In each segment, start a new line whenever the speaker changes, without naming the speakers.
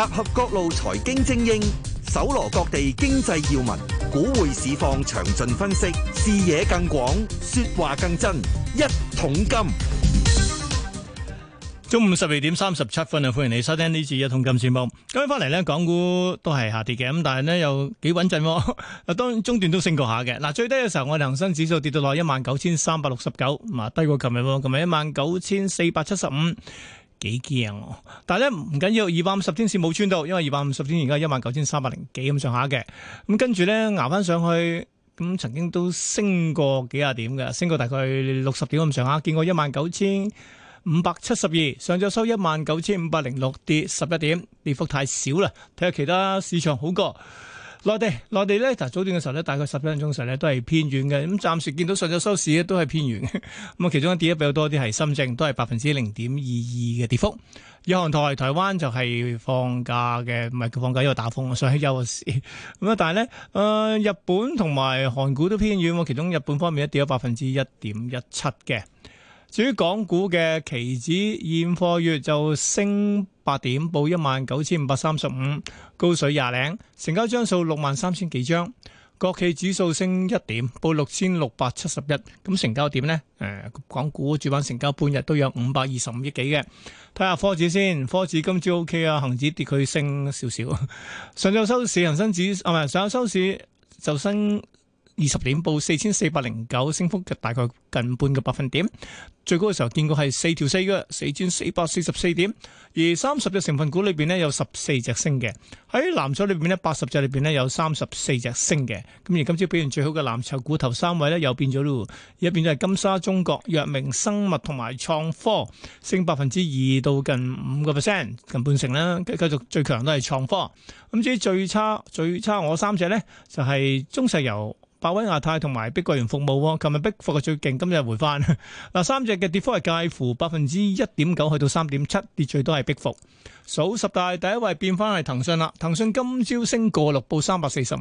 集合各路財經精英，搜羅各地經濟要聞，股匯市況詳盡分析，視野更廣，說話更真。一桶金，中午十二點三十七分啊！歡迎你收聽呢次一桶金節目。今日翻嚟咧，港股都係下跌嘅，咁但係咧又幾穩陣，當中中段都升過下嘅。嗱，最低嘅時候，我哋恒生指數跌到落一萬九千三百六十九，咁啊，低過琴日喎，琴日一萬九千四百七十五。幾驚喎，但係咧唔緊要，二百五十天線冇穿到，因為二百五十天而家係一萬九千三百零幾咁上下嘅，咁跟住咧捱翻上去，咁曾經都升過幾廿點嘅，升過大概六十點咁上下，見過一萬九千五百七十二，上咗收一萬九千五百零六，跌十一點，跌幅太少啦，睇下其他市場好過。內地內地咧，就早段嘅時候咧，大概十一點鐘時咧都係偏遠嘅。咁暫時見到上晝收市咧都係偏遠嘅。咁、嗯、啊，其中一跌得比較多啲係深證，都係百分之零點二二嘅跌幅。有韓台、台灣就係放假嘅，唔係放假因為打風所以休市。咁、嗯、啊，但係咧、呃，日本同埋韓股都偏遠喎。其中日本方面一跌咗百分之一點一七嘅。至於港股嘅期指現貨月就升八點，報一萬九千五百三十五，高水廿零，成交張數六萬三千幾張。國企指數升一點，報六千六百七十一。咁成交點咧，誒，港股主板成交半日都有五百二十五億幾嘅。睇下科指先，科指今朝 OK 啊，恆指跌佢升少少。上晝收市，恒生指，啊唔係上晝收市就升。二十點報四千四百零九，升幅嘅大概近半個百分點。最高嘅時候見過係四條四嘅四千四百四十四點。而三十隻成分股裏邊呢，在裡面80裡面有十四隻升嘅。喺藍籌裏邊呢，八十隻裏邊呢，有三十四隻升嘅。咁而今朝表現最好嘅藍籌股頭三位咧又變咗啦，而家變咗係金沙中國、藥明生物同埋創科，升百分之二到近五個 percent，近半成啦。繼續最強都係創科。咁至於最差最差我三隻咧，就係、是、中石油。百威亞太同埋碧桂園服務，琴日逼幅嘅最勁，今日回翻。嗱，三隻嘅跌幅係介乎百分之一點九去到三點七，跌最多係逼幅。數十大第一位變翻係騰訊啦，騰訊今朝升過六，報三百四十五。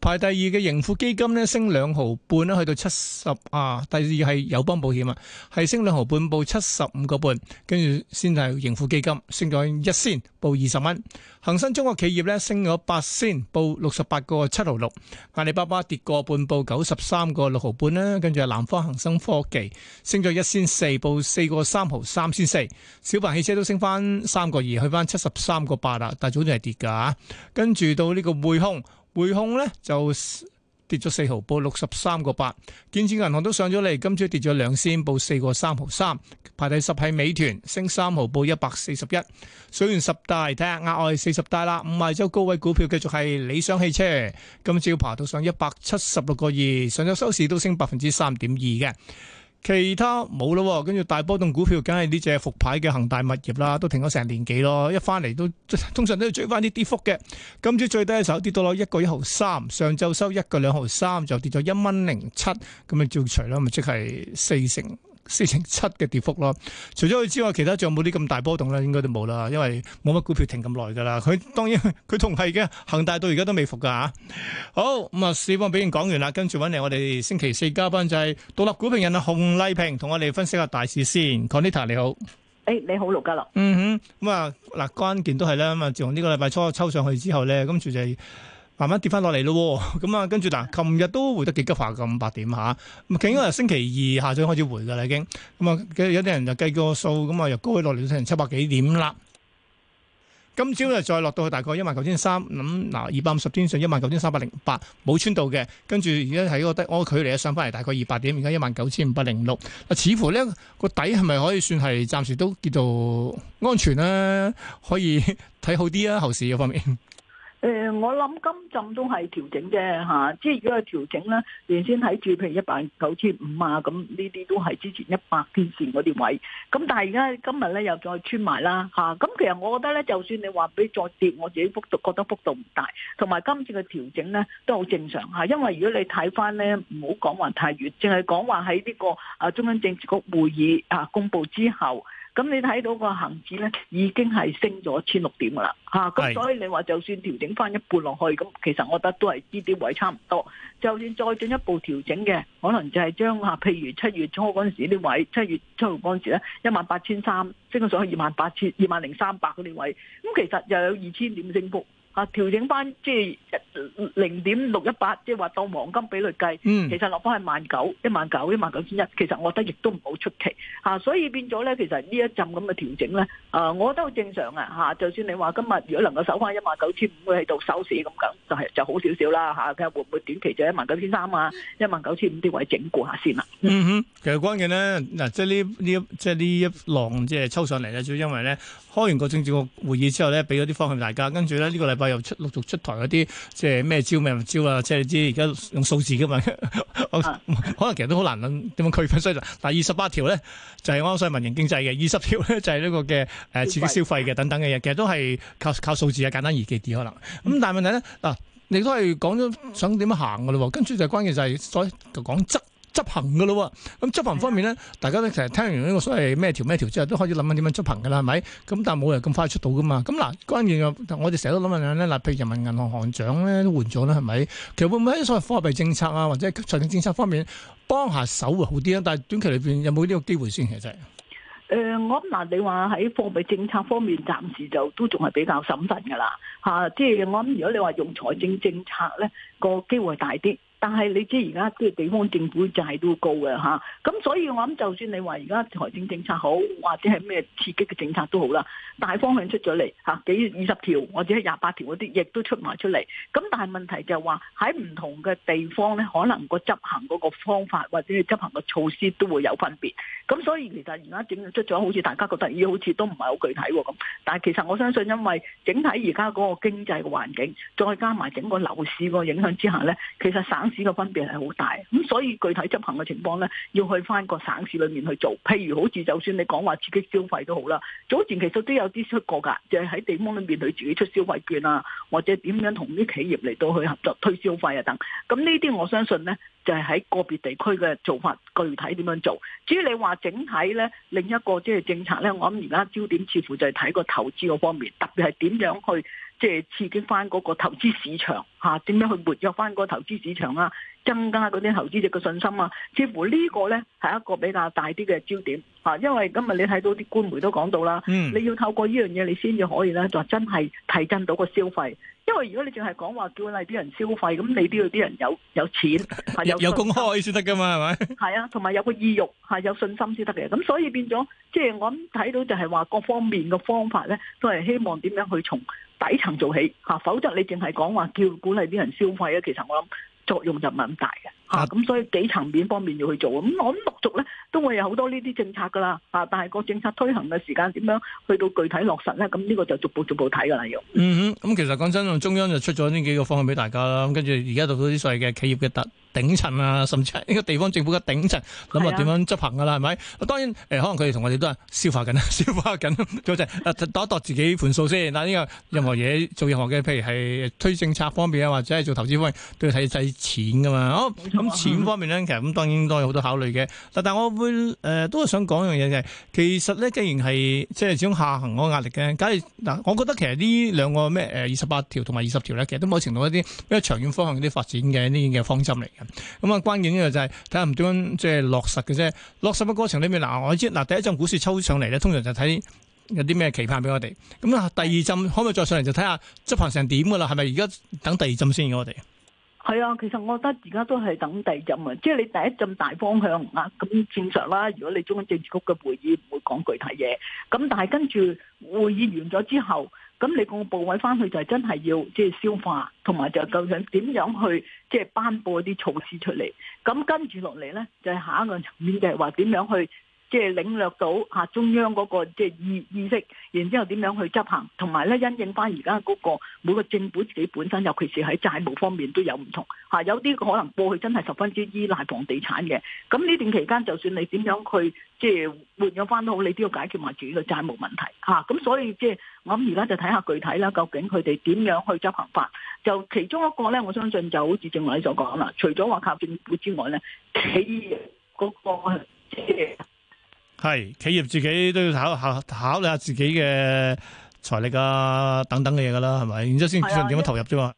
排第二嘅盈富基金呢，升兩毫半啦，去到七十啊。第二係友邦保險啊，係升兩毫半報七十五個半，跟住先係盈富基金升咗一仙報二十蚊。恒生中國企業咧升咗八仙報六十八個七毫六。阿里巴巴跌過。半報九十三個六毫半啦，跟住係南方恒生科技升咗一仙四，報四個三毫三仙四，小鵬汽車都升翻三個二，去翻七十三個八啦，但係早段係跌噶，跟住到呢個匯控，匯控咧就。跌咗四毫，報六十三個八。建設銀行都上咗嚟，今朝跌咗兩仙報四個三毫三。排第十係美團，升三毫，報一百四十一。數完十大，睇下額外四十大啦。五係周高位股票，繼續係理想汽車。今朝爬到上一百七十六個二，上咗收市都升百分之三點二嘅。其他冇咯，跟住大波動股票，梗係呢隻復牌嘅恒大物業啦，都停咗成年幾咯，一翻嚟都通常都要追翻啲跌幅嘅。今朝最低嘅時候跌到落一個一毫三，上晝收一個兩毫三，就跌咗一蚊零七，咁咪照除咯，咪即係四成。四成七嘅跌幅咯，除咗佢之外，其他仲有冇啲咁大波動咧？應該都冇啦，因為冇乜股票停咁耐噶啦佢當然佢同係嘅，恒大到而家都未復噶吓好，咁啊，市況表現講完啦，跟住揾嚟我哋星期四嘉賓就係獨立股評人啊，熊麗萍，同我哋分析下大市先。Conita 你好，誒你好，盧家樂。嗯哼，咁啊嗱，關鍵都係咧，咁啊，自從呢個禮拜初抽上去之後咧，跟住就係。慢慢跌翻落嚟咯，咁啊，跟住嗱，琴日都回得幾急下嘅五百點下，咁應該係星期二下晝開始回噶啦已經，咁啊，有啲人就計個數，咁啊又高起落嚟成七百幾點啦。今朝呢，再落到去大概一萬九千三，咁嗱二百五十天上，一萬九千三百零八冇穿到嘅，跟住而家喺個低安距離上翻嚟大概二百點，而家一萬九千五百零六。似乎咧個底係咪可以算係暫時都叫做安全啦、啊？可以睇好啲啊，後市嗰方面？
呃、我諗今陣都係調整嘅、啊、即係如果係調整咧，原先睇住譬如一萬九千五啊，咁呢啲都係之前一百天線嗰啲位，咁但係而家今日咧又再穿埋啦嚇，咁、啊啊、其實我覺得咧，就算你話俾再跌，我自己幅度覺得幅度唔大，同埋今次嘅調整咧都好正常、啊、因為如果你睇翻咧，唔好講話太遠，淨係講話喺呢個啊中央政治局會議啊公佈之後。咁你睇到個恆指咧已經係升咗千六點噶啦，咁是所以你話就算調整翻一半落去，咁其實我覺得都係呢啲位差唔多。就算再進一步調整嘅，可能就係將嚇譬如七月初嗰陣時啲位，七月初嗰陣時咧一萬八千三，18, 300, 升咗上去二萬八千二萬零三百嗰啲位，咁其實又有二千點升幅。啊，調整翻即係零點六一八，即係話當黃金比率計，其實落翻係萬九一萬九一萬九千一，其實我覺得亦都唔好出奇嚇，所以變咗咧，其實呢一陣咁嘅調整咧，啊，我覺得好正常嘅嚇。就算你話今日如果能夠收翻一萬九千五，會喺度收市咁緊，就係就好少少啦嚇。睇下會唔會短期就一萬九千三啊，一萬九千五啲位整固下先啦。嗯
哼，其實關鍵咧嗱，即係呢呢即係呢一浪即係抽上嚟咧，主要因為咧開完個政治局會議之後咧，俾咗啲方向大家，跟住咧呢個禮。又出陸續出台嗰啲即係咩招咩招啊！即係你知而家用數字嘅嘛、啊，可能其實都好難諗點樣區分所以，但係二十八條咧就係講所謂民營經濟嘅，二十條咧就係、是、呢、那個嘅誒刺激消費嘅等等嘅嘢，其實都係靠靠數字啊，簡單易記啲可能。咁但係問題咧嗱、嗯啊，你都係講咗想點樣行嘅喎。跟住就關鍵就係再講質。執行噶咯，咁、嗯、執行方面咧，是的 大家都成日聽完呢個所謂咩條咩條之後，都開始諗緊點樣執行噶啦，係咪？咁但係冇人咁快出到噶嘛。咁嗱、啊，關鍵我哋成日都諗緊咧，嗱，譬如人民銀行行長咧都換咗啦，係咪？其實會唔會喺所謂貨幣政策啊，或者財政政策方面幫下手會好啲啊？但係短期裏邊有冇呢個機會先？其實，
誒，我諗嗱、啊、你話喺貨幣政策方面，暫時就都仲係比較審慎噶啦，嚇、啊，即係我諗如果你話用財政政策咧，個機會大啲。但係你知而家啲地方政府債都高嘅嚇，咁所以我諗就算你話而家財政政策好，或者係咩刺激嘅政策都好啦，大方向出咗嚟嚇，幾二十條或者係廿八條嗰啲，亦都出埋出嚟。咁但係問題就係話喺唔同嘅地方咧，可能個執行嗰個方法或者執行嘅措施都會有分別。咁所以其實而家點樣出咗，好似大家覺得咦好似都唔係好具體喎咁。但係其實我相信，因為整體而家嗰個經濟嘅環境，再加埋整個樓市個影響之下咧，其實省。市嘅分別係好大，咁所以具體執行嘅情況呢，要去翻個省市裏面去做。譬如好似就算你講話刺激消費都好啦，早前其實都有啲出過㗎，就係喺地方裏面佢自己出消費券啊，或者點樣同啲企業嚟到去合作推消費啊等等。咁呢啲我相信呢，就係喺個別地區嘅做法，具體點樣做。至於你話整體呢，另一個即係政策呢，我諗而家焦點似乎就係睇個投資個方面，特別係點樣去。即係刺激翻嗰個投資市場嚇，點樣去活躍翻嗰個投資市場啦，增加嗰啲投資者嘅信心啊。似乎呢個咧係一個比較大啲嘅焦點嚇，因為今日你睇到啲官媒都講到啦，嗯、你要透過呢樣嘢你先至可以咧，就真係提振到個消費。因為如果你淨係講話叫嗱啲人消費，咁你都要啲人有有錢， 有有，有公
開先得噶嘛，係咪？
係啊，同埋有個意欲係有信心先得嘅。咁所以變咗即係我諗睇到就係話各方面嘅方法咧，都係希望點樣去從。底層做起吓，否則你淨係講話叫管理啲人消費咧，其實我諗作用就唔係咁大嘅。咁、啊啊、所以幾層面方面要去做咁、嗯、我諗陸續咧，都會有好多呢啲政策噶啦、啊、但係個政策推行嘅時間點樣去到具體落實咧？咁呢個就逐步逐步睇啦，又嗯
咁其實講真，中央就出咗呢幾個方案俾大家啦。跟住而家到到啲所謂嘅企業嘅頂層啊，甚至係呢個地方政府嘅頂層，諗下點樣執行噶啦，係咪、啊？當然、呃、可能佢哋同我哋都係消化緊，消化緊，做住度一度自己盤數先。 但呢個任何嘢做任何嘅，譬如係推政策方面啊，或者係做投資方面，都要睇曬錢噶嘛。咁錢方面咧，其實咁當然都有好多考慮嘅。嗱，但係我會誒、呃、都係想講一樣嘢嘅，其實咧，既然係即係始終下行嗰個壓力嘅，假如嗱，我覺得其實呢兩個咩誒二十八條同埋二十條咧，其實都某程度一啲比較長遠方向啲發展嘅呢啲嘅方針嚟嘅。咁、嗯、啊，關鍵嘅就係睇下點樣即係落實嘅啫。落實嘅過程裏面嗱、呃，我知嗱、呃、第一陣股市抽上嚟咧，通常就睇有啲咩期盼俾我哋。咁、嗯、啦，第二陣可唔可以再上嚟就睇下執行成點噶啦？係咪而家等第二陣先嘅我哋？
係啊，其實我覺得而家都係等第二浸啊，即係你第一浸大方向啊，咁正常啦。如果你中央政治局嘅會議唔會講具體嘢，咁但係跟住會議完咗之後，咁你個部委翻去就係真係要即係消化，同埋就究竟點樣去即係頒布一啲措施出嚟，咁跟住落嚟咧就係、是、下一個層面，就係話點樣去。即係領略到嚇中央嗰個即係意意識，然之後點樣去執行，同埋咧因應翻而家嗰個每個政府自己本身，尤其是喺債務方面都有唔同嚇，有啲可能過去真係十分之依賴房地產嘅，咁呢段期間就算你點樣去即係、就是、換咗翻都好，你都要解決埋自己嘅債務問題嚇。咁、啊、所以即係、就是、我諗而家就睇下具體啦，究竟佢哋點樣去執行法？就其中一個咧，我相信就好似正話你所講啦，除咗話靠政府之外咧，企業嗰個即、就是
係企業自己都要考考，考考慮下自己嘅財力啊等等嘅嘢㗎啦，係咪？然之後先決定點樣投入啫嘛。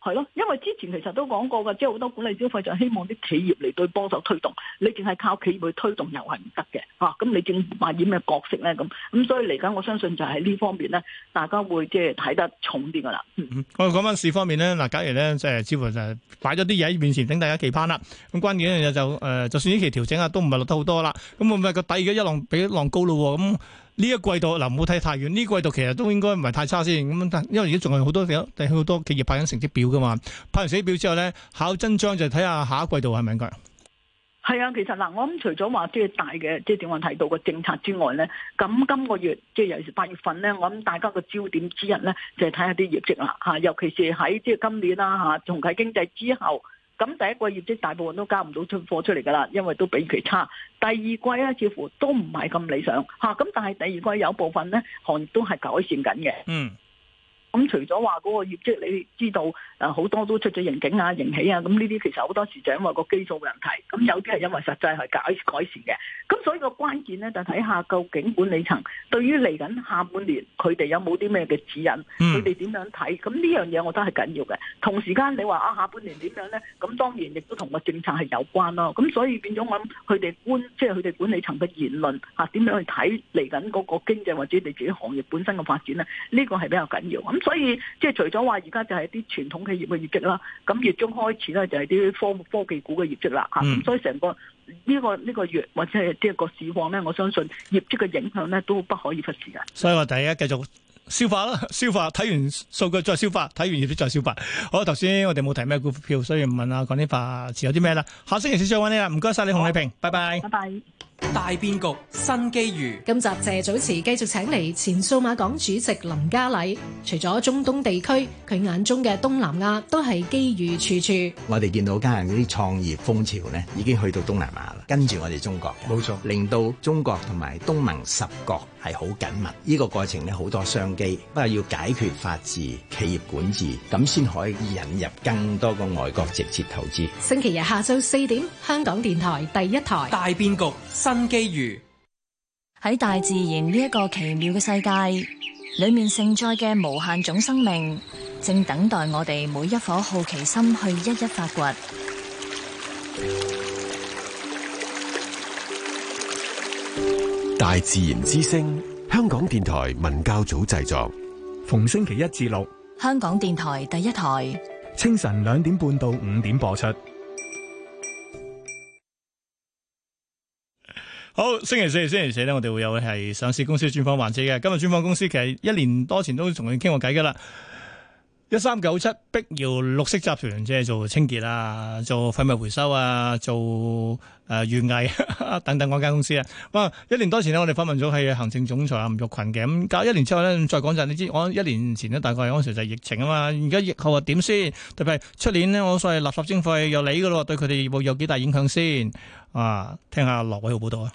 係咯，因為之前其實都講過噶，即係好多鼓勵消費，就希望啲企業嚟，對幫手推動，你淨係靠企業去推動又係唔得嘅吓，咁、啊、你淨扮演咩角色咧，咁，咁所以嚟緊我相信就喺呢方面咧，大家會即係睇得重啲噶啦。
我講翻市方面咧，嗱假如咧即係似乎就擺咗啲嘢喺面前，等大家期盼啦。咁關鍵一樣嘢就誒、呃，就算呢期調整啊，都唔係落得好多啦。咁唔係個底而家一浪比一浪高咯喎咁。呢一季度嗱，唔好睇太遠。呢季度其實都應該唔係太差先咁，但因為而家仲係好多有好多企業派緊成績表噶嘛，派完成績表之後咧，考真章就睇下下一季度係咪應該。
係啊，其實嗱，我諗除咗話即係大嘅即係正話提到個政策之外咧，咁今個月即係尤其是八月份咧，我諗大家個焦點之一咧，就係睇下啲業績啦嚇，尤其是喺即係今年啦嚇，重啟經濟之後。咁第一季業績大部分都交唔到出貨出嚟噶啦，因為都比其差。第二季咧，似乎都唔係咁理想。咁但係第二季有部分咧行業都係改善緊嘅。嗯。咁除咗話嗰個業績，你知道誒好多都出咗盈警啊、盈喜啊，咁呢啲其實好多時掌因為個基數問題。咁有啲係因為實際係改改善嘅。咁所以個關鍵咧就睇、是、下究竟管理層對於嚟緊下半年佢哋有冇啲咩嘅指引，佢哋點樣睇？咁呢樣嘢我覺得係緊要嘅。同時間你話啊下半年點樣咧？咁當然亦都同個政策係有關咯。咁所以變咗我諗佢哋官即係佢哋管理層嘅言論點、啊、樣去睇嚟緊嗰個經濟或者你自己行業本身嘅發展咧？呢、這個係比較緊要。所以即係除咗話而家就係啲傳統企業嘅業績啦，咁月中開始咧就係啲科科技股嘅業績啦，吓咁、嗯、所以成個呢個呢個月或者係呢一個市況咧，我相信業績嘅影響咧都不可以忽視嘅。
所以我哋而家繼續消化啦，消化睇完數據再消化，睇完業績再消化。好，頭先我哋冇提咩股票，所以唔問講呢話，持有啲咩啦？下星期先再揾你啦，唔該晒你，熊麗萍，好拜拜，拜拜。大變局，新機遇。
今集謝祖慈繼續請嚟前數碼港主席林家禮。除咗中東地區，佢眼中嘅東南亞都係機遇處處。
我哋見到家下嗰啲創業風潮咧，已經去到東南亞啦，跟住我哋中國。冇錯，令到中國同埋東盟十國，係好緊密，呢、呢個過程呢，好多商機，不過要解決法治、企業管治，咁先可以引入更多個外國直接投資。
星期日下晝四點，香港電台第一台《大
變局新機遇》。
喺大自然呢一個奇妙嘅世界，裏面盛載嘅無限種生命，正等待我哋每一顆好奇心去一
一發掘。大自然之聲，香港電台文教組製作。逢星期一至六，
香港電台第一台，
清晨兩點半到五點播出。好，星期四、星期四呢，我哋會有係上市公司專訪環節嘅。今日專訪公司，其實一年多前都同佢傾過偈㗎喇。一三九七碧瑤綠色集團，即係做清潔啊，做廢物回收啊，做誒園藝等等嗰間公司啊。哇！一年多前呢，我哋訪問咗係行政總裁啊吳玉群嘅。咁。隔、嗯、一年之後咧，再講陣。你知我一年前呢，大概係嗰時候就疫情啊嘛。而家疫後點先？特別係出年呢，我所謂垃圾徵費又嚟噶咯，對佢哋有冇有，有幾大影響先？啊，聽下羅偉浩報道啊！